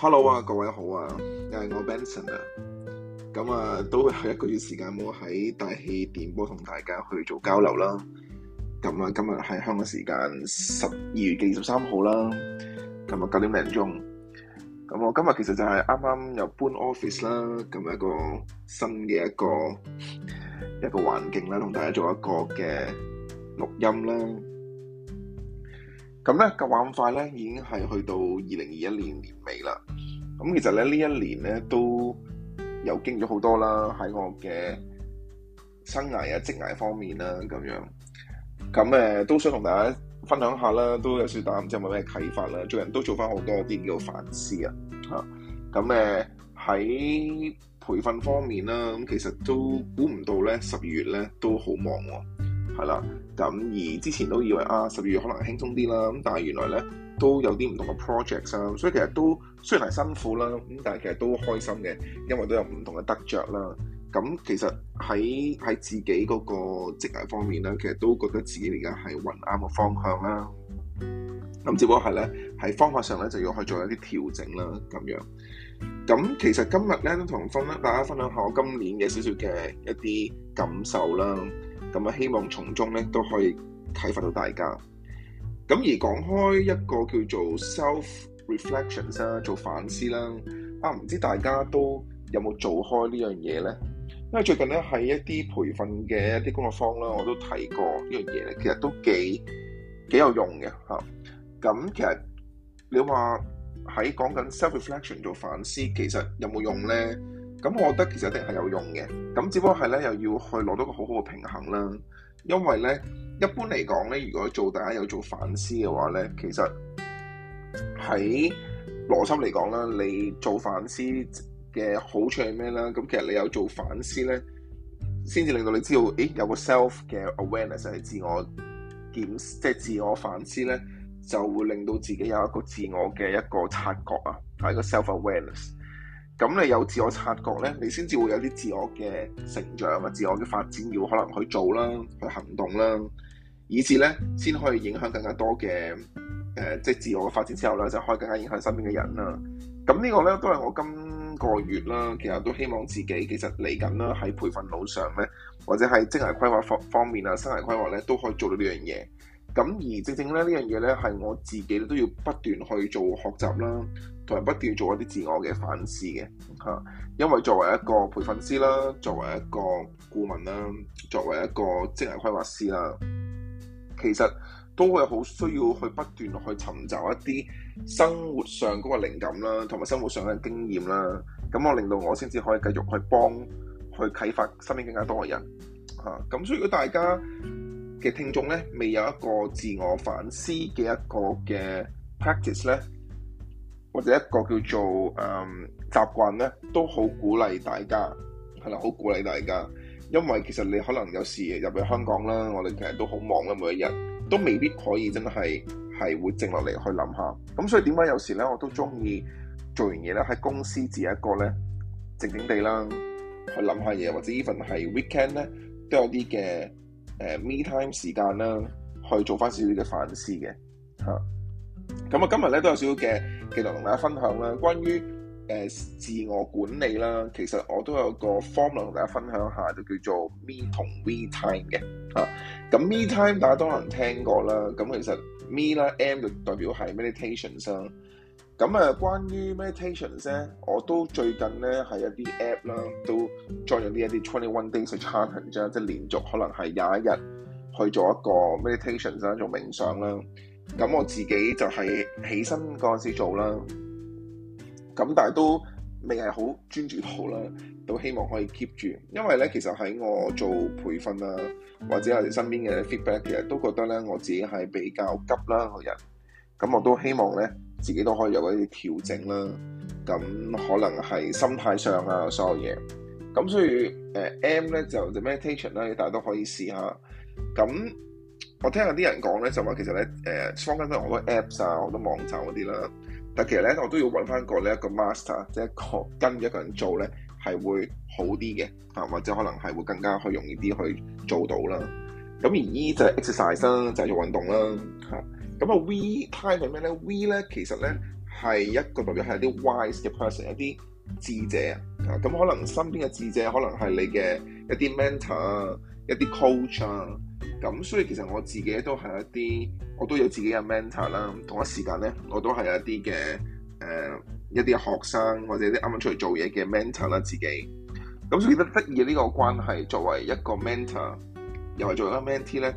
Hello 啊，各位好啊，又係我 Benson 啊，咁啊，都有一個月時間冇喺大氣電波同大家去做交流啦。咁啊，今日係香港時間十二月嘅二十三號啦，今日九點零鐘。咁我今日其實就係啱啱又搬 office 啦，咁一個新嘅一個一個環境啦，同大家做一個嘅錄音啦。咁咧，個玩法咧，已經係去到二零二一年年尾啦。咁其實咧，呢這一年咧都又經咗好多啦，喺我嘅生涯啊職涯方面啦、啊、咁樣，咁誒都想同大家分享一下啦，都有少啲，唔知有冇咩啟發啦。也做人都做返好多啲叫反思啊，嚇！咁誒喺培訓方面啦，咁其實也不都估唔到咧，十二月咧都好忙喎。係啦，咁而之前都以為啊，十二月可能輕鬆啲啦，咁但係原來咧都有啲唔同嘅 project 啦。所以其實都雖然係辛苦啦，咁但係其實都開心嘅，因為都有唔同嘅得着啦。咁其實喺喺自己嗰個職涯方面咧，其實都覺得自己而家係揾啱個方向啦。咁只不過係咧喺方法上咧，就要去做一啲調整啦，咁樣。咁其實今日咧都同分咧，大家分享下我今年嘅少少嘅一啲感受啦。咁啊，希望從中咧都可以啟發到大家。咁而講開一個叫做 self-reflection 啦，做反思啦，啊唔知大家都有冇做開呢樣嘢呢？因為最近咧喺一啲培訓嘅一啲工作坊啦，我都提過呢樣嘢咧，其實都幾幾有用嘅吓。咁其實你話喺講緊 self-reflection 做反思，其實有冇用呢？咁我覺得其實一定係有用嘅，咁只不過係咧又要去攞到個好好嘅平衡啦。因為咧一般嚟講咧，如果做大家有做反思嘅話咧，其實喺邏輯嚟講啦，你做反思嘅好處係咩咧？咁其實你有做反思咧，先至令到你知道，咦有個 self 嘅 awareness 係自我檢，即係自我反思咧，就會令到自己有一個自我嘅一個察覺啊，係一個 self awareness。咁你有自我察覺呢，你先至會有啲自我嘅成長啊，自我嘅發展要可能去做啦，去行動啦，以至呢先可以影響更加多嘅，誒、呃，即係自我嘅發展之後呢，就可以更加影響身邊嘅人啦。咁呢個呢，都係我今個月啦，其實都希望自己其實嚟緊啦，喺培訓路上呢，或者係職涯規劃方方面啊，生涯規劃呢都可以做到呢樣嘢。咁而正正咧，呢樣嘢呢，係我自己都要不斷去做學習啦，同埋不斷做一啲自我嘅反思嘅吓，因為作為一個培訓師啦，作為一個顧問啦，作為一個職能規劃師啦，其實都會好需要去不斷去尋找一啲生活上嗰個靈感啦，同埋生活上嘅經驗啦。咁我令到我先至可以繼續去幫去啟發身邊更加多嘅人吓，咁所以如果大家，嘅聽眾咧，未有一個自我反思嘅一個嘅 practice 咧，或者一個叫做誒、嗯、習慣咧，都好鼓勵大家，係啦，好鼓勵大家，因為其實你可能有時入去香港啦，我哋其實都好忙啦，每一日都未必可以真係係會靜落嚟去諗下。咁所以點解有時咧，我都鍾意做完嘢咧，喺公司自己一個咧，靜靜地啦去諗下嘢，或者 even 係 weekend 咧都有啲嘅。誒、呃、me time 時間啦，去做翻少少嘅反思嘅嚇。咁啊，今日咧都有少少嘅記錄同大家分享啦，關於誒、呃、自我管理啦，其實我都有個 formula 同大家分享下，就叫做 me 同 we time 嘅嚇。咁、啊、me time 大家都能聽過啦，咁其實 me 啦 m 就代表係 meditation 啊。咁啊，關於 meditations 咧，我都最近咧係一啲 app 啦，都 join 咗呢一啲 twenty one days 的 challenge，即係連續可能係廿一日去做一個 meditations 一種冥想啦。咁我自己就係起身嗰陣時做啦。咁但係都未係好專注到啦，都希望可以 keep 住，因為咧其實喺我做培訓啊，或者係身邊嘅 feedback，其實都覺得咧我自己係比較急啦個人。咁我都希望咧。自己都可以有啲調整啦，咁可能係心態上啊，所有嘢，咁所以誒、呃、M 咧就 The Meditation 咧，大家都可以試下。咁我聽下啲人講咧，就話其實咧誒，坊間都好多 Apps 啊，好多網站嗰啲啦。但其實咧，我都要揾翻個呢一個 master，即係一個跟一個人做咧，係會好啲嘅，啊或者可能係會更加去容易啲去做到啦。咁而依、e、就係 Exercise 啦，就係做運動啦，嚇。咁啊 we time 係咩咧？we 咧其實咧係一個代表係一啲 wise 嘅 person，一啲智者啊。咁可能身邊嘅智者，可能係你嘅一啲 mentor，一啲 coach 啊。咁所以其實我自己都係一啲，我都有自己嘅 mentor 啦。同一時間咧，我都係一啲嘅誒一啲學生或者啲啱啱出嚟做嘢嘅 mentor 啦，自己。咁所以覺得得意呢個關係，作為一個 mentor 又係作為一個 mentee 咧。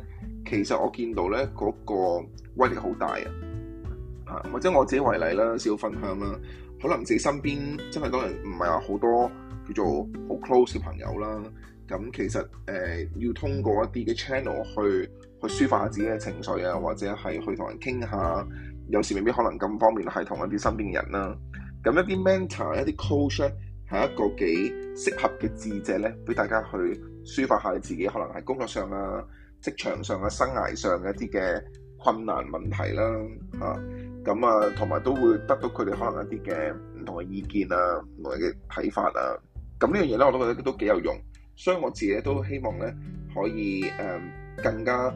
其實我見到呢嗰個威力好大啊！或者我自己為例啦，少少分享啦，可能自己身邊真係當然唔係話好多叫做好 close 嘅朋友啦。咁其實誒、呃，要通過一啲嘅 channel 去去抒發下自己嘅情緒啊，或者係去同人傾下。有時未必可能咁方便，係同一啲身邊嘅人啦。咁一啲 mentor、一啲 coach 係一個幾適合嘅智者呢，俾大家去抒發下自己，可能喺工作上啊。職場上嘅生涯上嘅一啲嘅困難問題啦，啊，咁啊，同埋都會得到佢哋可能一啲嘅唔同嘅意見啊，唔同嘅睇法啊，咁呢樣嘢咧我都覺得都幾有用，所以我自己都希望咧可以誒更加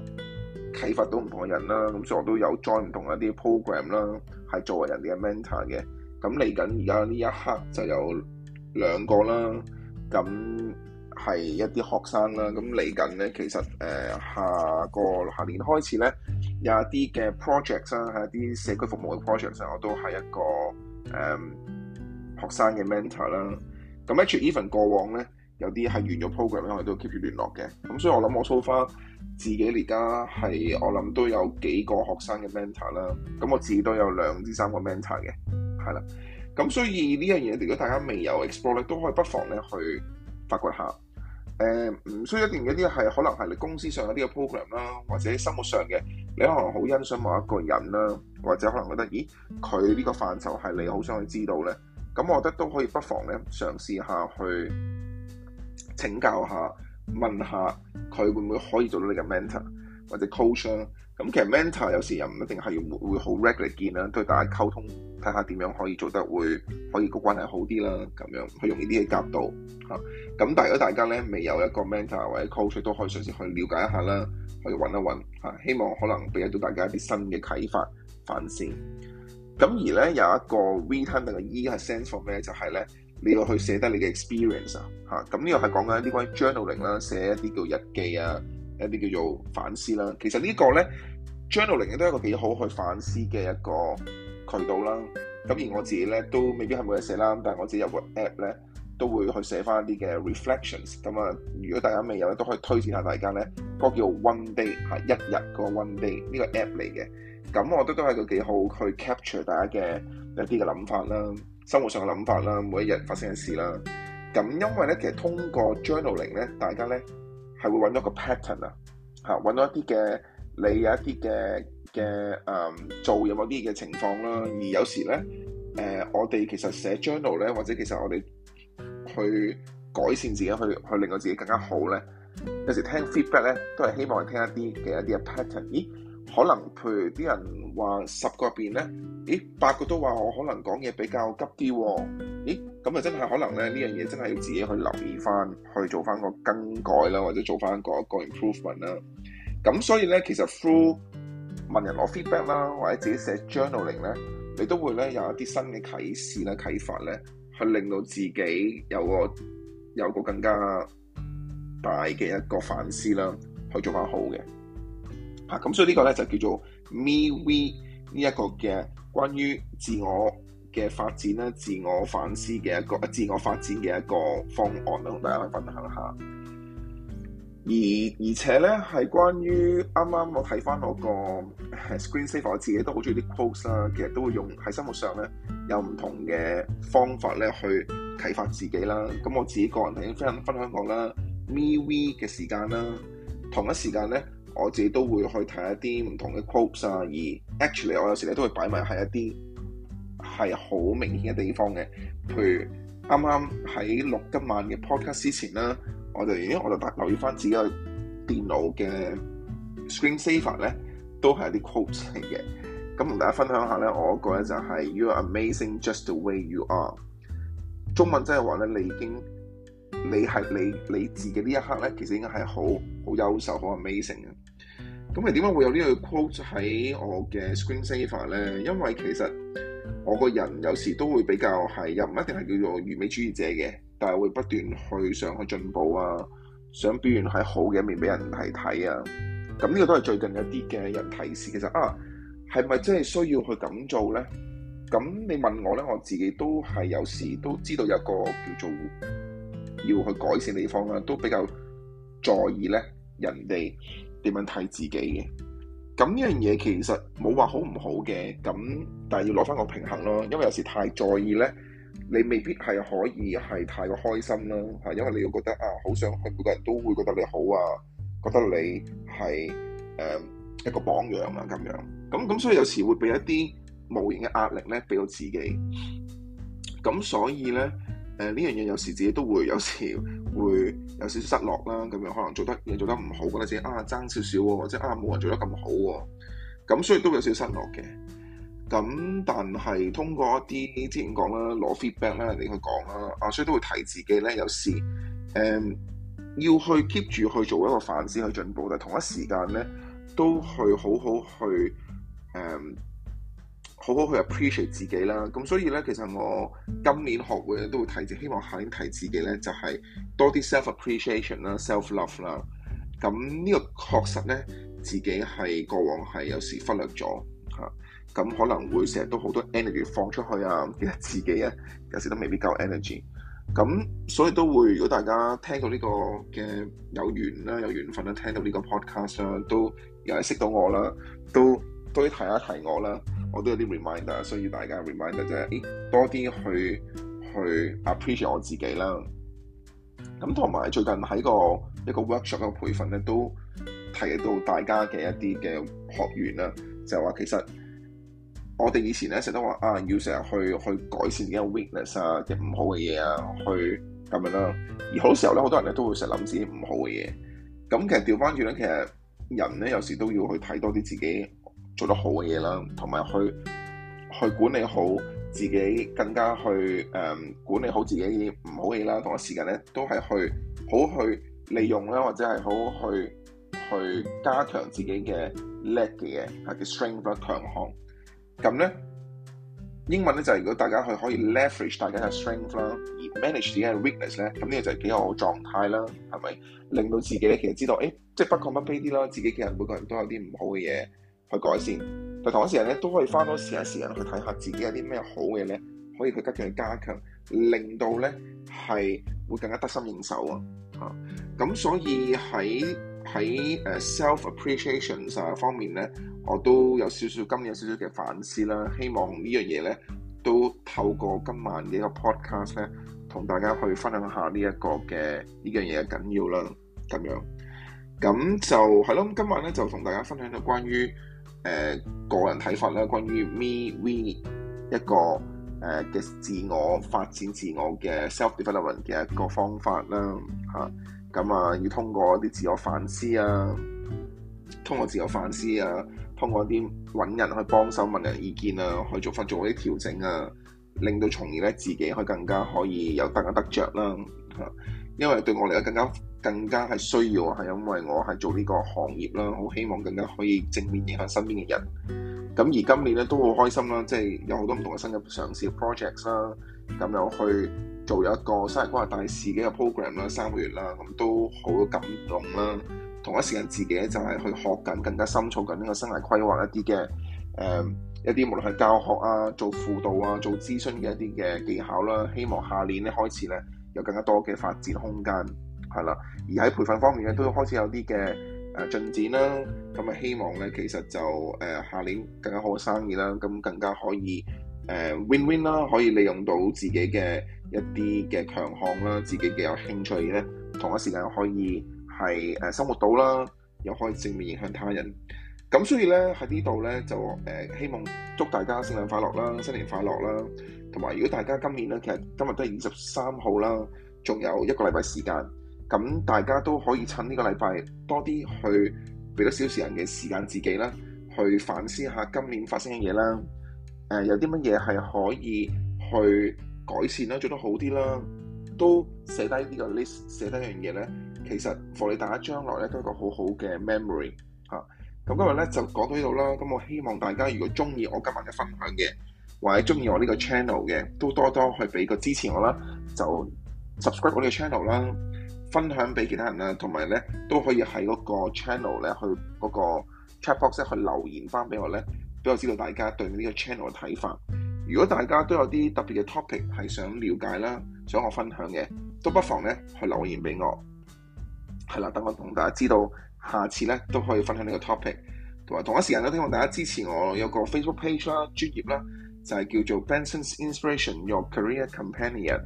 啟發到唔同嘅人啦，咁所以我都有 join 唔同嘅一啲 program 啦，係作為人哋嘅 mentor 嘅，咁嚟緊而家呢一刻就有兩個啦，咁。係一啲學生啦，咁嚟緊咧，其實誒、呃、下個下年開始咧，有一啲嘅 project 啦，係一啲社區服務嘅 project 上，我都係一個誒、嗯、學生嘅 mentor 啦。咁 actually even 過往咧，有啲係完咗 program 咧，我哋都 keep 住聯絡嘅。咁所以我諗我 so far 自己而家係我諗都有幾個學生嘅 mentor 啦。咁我自己都有兩至三個 mentor 嘅，係啦。咁所以呢樣嘢，如果大家未有 explore 咧，都可以不妨咧去發掘下。誒唔需要一定嘅啲，係可能係你公司上有啲嘅 program 啦，或者生活上嘅，你可能好欣賞某一個人啦，或者可能覺得，咦佢呢個範疇係你好想去知道咧，咁我覺得都可以不妨咧嘗試下去請教下，問下佢會唔會可以做到你嘅 mentor 或者 coach。咁其實 mentor 有時又唔一定係會好 regular 見啦，對大家溝通，睇下點樣可以做得會可以個關係好啲啦，咁樣去容易啲嘅夾到咁、啊、但係如果大家咧未有一個 mentor 或者 coach，都可以嘗試去了解一下啦，可以揾一揾、啊、希望可能俾到大家一啲新嘅啟發反思。咁、啊、而咧有一個 weekend 嘅 E 係 sense for 咩呢？就係咧你要去寫低你嘅 experience 咁、啊、呢、啊呢個係講緊一啲關於 journaling 啦，寫一啲叫日記啊。一啲叫做反思啦，其實呢個呢 journaling 亦都係一個幾好去反思嘅一個渠道啦。咁而我自己呢都未必係每日寫啦，但係我自己有個 app 呢都會去寫翻一啲嘅 reflections。咁啊，如果大家未有呢，都可以推薦下大家呢，嗰個叫 One Day 係一日個 One Day 呢個 app 嚟嘅。咁我覺得都係個幾好去 capture 大家嘅一啲嘅諗法啦、生活上嘅諗法啦、每一日發生嘅事啦。咁因為呢其實通過 journaling 呢，大家呢。係會揾到個 pattern 啊，嚇揾到一啲嘅你有一啲嘅嘅誒做有冇啲嘅情況啦。而有時咧，誒、呃、我哋其實寫 journal 咧，或者其實我哋去改善自己，去去令到自己更加好咧。有時聽 feedback 咧，都係希望係聽一啲嘅一啲嘅 pattern。咦？可能譬如啲人話十個入邊咧，咦？八個都話我可能講嘢比較急啲喎。咦？咁啊，真係可能咧，呢樣嘢真係要自己去留意翻，去做翻個更改啦，或者做翻嗰個 improvement 啦。咁所以咧，其實 through 問人攞 feedback 啦，或者自己寫 journaling 咧，你都會咧有一啲新嘅啟示啦、啟發咧，去令到自己有個有個更加大嘅一個反思啦，去做翻好嘅。啊，咁所以呢個咧就叫做 me we 呢一個嘅關於自我嘅發展咧，自我反思嘅一個，自我發展嘅一個方案同大家分享下。而而且咧，係關於啱啱我睇返嗰個 screen saver，我自己都好中意啲 quotes 啦，其實都會用喺生活上咧，有唔同嘅方法咧去啟發自己啦。咁我自己個人已經分享分享過啦，me we 嘅時間啦，同一時間咧，我自己都會去睇一啲唔同嘅 quotes 啊，而 actually 我有時咧都會擺埋喺一啲。係好明顯嘅地方嘅，譬如啱啱喺錄今晚嘅 podcast 之前啦，我就已經我就留意翻自己嘅電腦嘅 screen saver 咧，都係一啲 quotes 嚟嘅。咁同大家分享下咧，我覺得咧就係、是、You are amazing just the way you are。中文即係話咧，你已經你係你你自己呢一刻咧，其實應該係好好優秀，好 amazing 嘅。咁你點解會有呢個 quotes 喺我嘅 screen saver 咧？因為其實。我個人有時都會比較係又唔一定係叫做完美主義者嘅，但係會不斷去想去進步啊，想表現喺好嘅一面俾人係睇啊。咁呢個都係最近一啲嘅人提示，其實啊，係咪真係需要去咁做呢？咁你問我呢，我自己都係有時都知道有個叫做要去改善地方啦，都比較在意呢人哋點樣睇自己嘅。咁呢樣嘢其實冇話好唔好嘅，咁但係要攞返個平衡咯，因為有時太在意呢，你未必係可以係太過開心啦，係因為你又覺得啊，好想去，每個人都會覺得你好啊，覺得你係誒、呃、一個榜樣啊咁樣，咁咁所以有時會俾一啲無形嘅壓力呢俾到自己，咁所以呢，誒、呃、呢樣嘢有時自己都會有時會有少少失落啦，咁樣可能做得嘢做得唔好，覺得自己啊，爭少少或者啊冇人做得咁好喎，咁所以都有少少失落嘅。咁但係通過一啲之前講啦，攞 feedback 啦，嚟去講啦，啊所以都會提自己呢，有時誒、嗯、要去 keep 住去做一個反思去進步，但同一時間呢，都去好好去誒。嗯好好去 appreciate 自己啦，咁所以呢，其實我今年學會都會提，希望下年提自己呢，就係多啲 self appreciation 啦，self love 啦。咁呢個確實呢，自己係過往係有時忽略咗嚇，咁可能會成日都好多 energy 放出去啊，其實自己呢，有時都未必夠 energy。咁所以都會，如果大家聽到呢個嘅有緣啦，有緣分啦，聽到呢個 podcast 啦，都有認識到我啦，都多啲提一提我啦。我都有啲 reminder，需要大家 reminder 啫，多啲去去 appreciate 我自己啦。咁同埋最近喺個一個 workshop 嘅培訓咧，都提到大家嘅一啲嘅學員啦，就係話其實我哋以前咧成日都話啊，要成日去去改善自己嘅 weakness 啊，啲唔好嘅嘢啊，去咁樣啦。而好多時候咧，好多人咧都會成日諗自己唔好嘅嘢。咁其實調翻轉咧，其實人咧有時都要去睇多啲自己。做得好嘅嘢啦，同埋去去管理好自己，更加去誒、嗯、管理好自己唔好嘅嘢啦。同一時間咧，都係去好去利用啦，或者係好去去加強自己嘅叻嘅嘢啊，嘅 strength 啦，強項咁咧。英文咧就係如果大家去可以 leverage 大家嘅 strength 啦，而 manage 自己嘅 weakness 咧，咁呢個就係幾好狀態啦，係咪令到自己咧其實知道誒，即、欸、係、就是、不過不失啲啦。自己其實每個人都有啲唔好嘅嘢。去改善，但係同一時間咧，都可以花多少少時間去睇下自己有啲咩好嘅嘢咧，可以去不斷加強，令到咧係會更加得心應手啊！啊，咁所以喺喺誒 self appreciation 啊方面咧，我都有少少今年有少少嘅反思啦。希望呢樣嘢咧，都透過今晚嘅一個 podcast 咧，同大家去分享下呢一個嘅呢樣嘢嘅緊要啦。咁樣，咁就係咯。咁今晚咧就同大家分享到關於。誒個人睇法咧，關於 me we 一個誒嘅、呃、自我發展自我嘅 self development 嘅一個方法啦，嚇、啊、咁啊，要通過啲自我反思啊，通過自我反思啊，通過啲揾人去幫手問人意見啊，去做法、做啲調整啊，令到從而咧自己可以更加可以有得得着啦，嚇、啊，因為對我嚟講，更加係需要，係因為我係做呢個行業啦，好希望更加可以正面影響身邊嘅人。咁而今年咧都好開心啦，即係有好多唔同嘅新嘅嘗試嘅 projects 啦，咁有去做咗一個生涯規劃大使嘅 program 啦，三個月啦，咁都好感動啦。同一時間自己就係去學緊更加深造緊呢個生涯規劃一啲嘅誒一啲，無論係教學啊、做輔導啊、做諮詢嘅一啲嘅技巧啦。希望下年咧開始咧有更加多嘅發展空間。係啦，而喺培訓方面咧，都開始有啲嘅誒進展啦。咁啊，希望咧，其實就誒下、呃、年更加好嘅生意啦。咁更加可以誒、呃、win win 啦，可以利用到自己嘅一啲嘅強項啦，自己嘅有興趣咧，同一時間可以係誒、呃、生活到啦，又可以正面影響他人。咁所以咧喺呢度咧就誒希望祝大家聖誕快樂啦，新年快樂啦。同埋如果大家今年咧，其實今日都係二十三號啦，仲有一個禮拜時間。咁大家都可以趁呢個禮拜多啲去俾多少少人嘅時間自己啦，去反思下今年發生嘅嘢啦。誒、呃，有啲乜嘢係可以去改善啦，做得好啲啦，都寫低呢個 list，寫低樣嘢咧，其實 for 你大家將來咧都一個好好嘅 memory 嚇、啊。咁今日咧就講到呢度啦。咁我希望大家如果中意我今日嘅分享嘅，或者中意我呢個 channel 嘅，都多多去俾個支持我啦，就 subscribe 我呢個 channel 啦。分享俾其他人啦，同埋咧都可以喺嗰個 channel 咧去嗰個 chat box 咧去留言翻俾我咧，俾我知道大家對呢個 channel 嘅睇法。如果大家都有啲特別嘅 topic 係想了解啦，想我分享嘅，都不妨咧去留言俾我。係啦，等我同大家知道下次咧都可以分享呢個 topic，同埋同一時間都希望大家支持我有個 Facebook page 啦，專業啦就係叫做 Benson's Inspiration Your Career Companion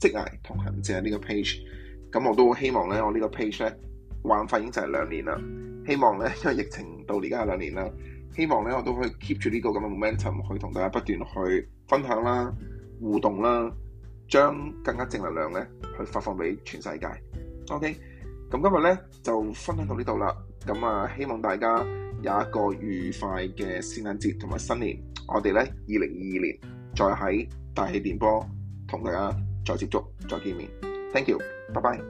職涯同行者呢個 page。咁我都好希望咧，我這個呢個 page 咧玩法已經就係兩年啦。希望咧，因為疫情到而家係兩年啦。希望咧，我都可以 keep 住呢個咁嘅 momentum 去同大家不斷去分享啦、互動啦，將更加正能量咧去發放俾全世界。OK，咁今日咧就分享到呢度啦。咁啊，希望大家有一個愉快嘅聖誕節同埋新年。我哋咧二零二二年再喺大氣電波同大家再接觸、再見面。Thank you。拜拜。